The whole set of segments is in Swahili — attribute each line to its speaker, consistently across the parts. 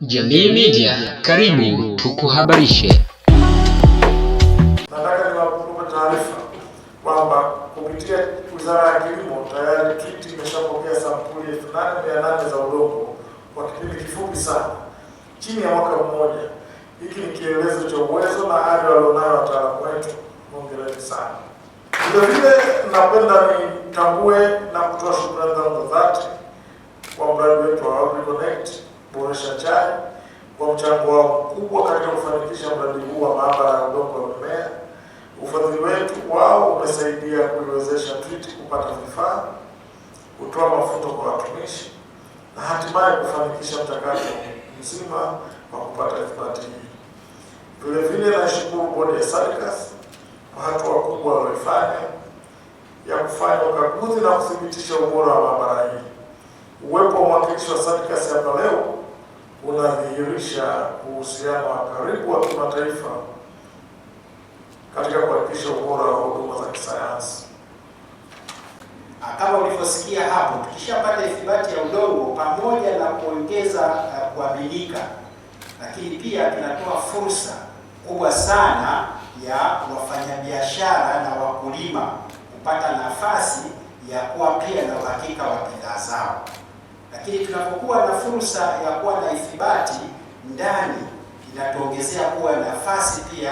Speaker 1: Jamii Media, karibu tukuhabarishe.
Speaker 2: Nataka niwape taarifa kwamba kupitia Wizara ya Kilimo tayari TWITI imeshapokea sampuli elfu nane mia nane za udongo kwa kipindi kifupi sana chini ya mwaka mmoja. Hiki ni kielelezo cha uwezo na hali walionayo wataalamu wetu. Hongereni sana. Vilevile napenda nitambue na kutoa shukrani zangu za dhati kwa mradi wetu wa AgriConnect kuboresha chai kwa mchango wao mkubwa katika kufanikisha mradi huu wa maabara ya udongo wa mimea. Ufadhili wetu wao umesaidia kuiwezesha TWIT kupata vifaa, kutoa mafunzo kwa watumishi na hatimaye kufanikisha mchakato mzima wa kupata hifadhi hii. Vile vile naishukuru bodi ya SADCAS kwa hatua kubwa walioifanya ya kufanya ukaguzi na kuthibitisha ubora wa maabara hii. Uwepo wa mwakilishi wa SADC hapa leo unadhihirisha uhusiano wa karibu wa kimataifa katika kuhakikisha ubora wa huduma za kisayansi.
Speaker 3: Kama ulivyosikia hapo, tukishapata ithibati ya udongo pamoja na kuongeza uh, kuaminika, lakini pia tunatoa fursa kubwa sana ya wafanyabiashara na wakulima kupata nafasi ya kuwa pia na uhakika wa bidhaa zao. Lakini tunapokuwa na fursa ya kuwa na ithibati ndani, inatuongezea kuwa nafasi pia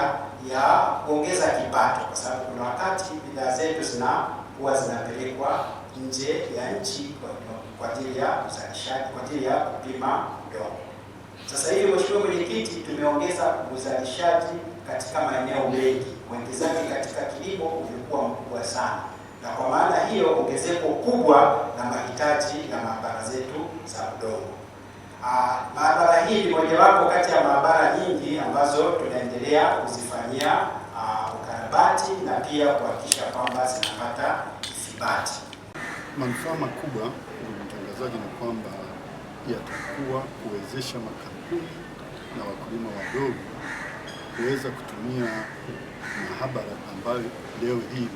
Speaker 3: ya kuongeza kipato, kwa sababu kuna wakati bidhaa zetu zinakuwa zinapelekwa nje ya nchi kwa ajili ya uzalishaji, kwa ajili ya kupima udongo. Sasa hivi, Mheshimiwa Mwenyekiti, tumeongeza uzalishaji katika maeneo mengi. Uwekezaji katika kilimo umekuwa mkubwa sana na kwa maana hiyo ongezeko kubwa la mahitaji na maabara zetu za udongo. Ah, maabara hii ni mojawapo kati ya maabara nyingi ambazo tunaendelea kuzifanyia ah, ukarabati na pia kuhakikisha kwamba zinapata ithibati.
Speaker 4: Manufaa makubwa ndugu mtangazaji, ni kwamba yatakuwa kuwezesha makampuni na wakulima wadogo kuweza kutumia maabara ambayo leo hii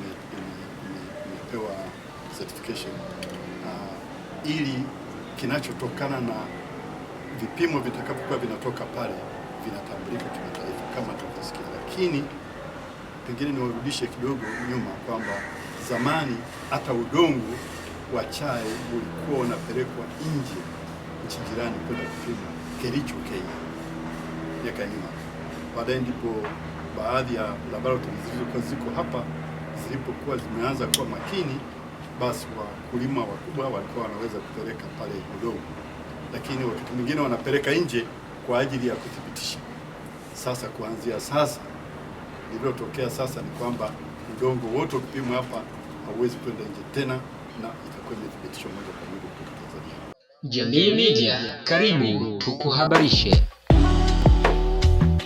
Speaker 4: tunapewa certification uh, ili kinachotokana na vipimo vitakapokuwa vinatoka pale vinatambulika kimataifa kama tulivyosikia, lakini pengine niwarudishe kidogo nyuma kwamba zamani hata udongo wa chai ulikuwa unapelekwa nje nchi jirani kwenda kupima Kericho, Kenya, miaka ya nyuma. Baadaye ndipo baadhi ya laboratories zilizokuwa ziko hapa zilipokuwa zimeanza kuwa makini, basi wakulima wakubwa walikuwa wanaweza kupeleka pale udongo, lakini wakati mwingine wanapeleka nje kwa ajili ya kuthibitisha. Sasa kuanzia sasa, lililotokea sasa ni kwamba udongo wote ukipimwa hapa hauwezi kwenda nje tena, na itakuwa imethibitishwa moja kwa moja kutoka Tanzania. Jamii Media, karibu tukuhabarishe.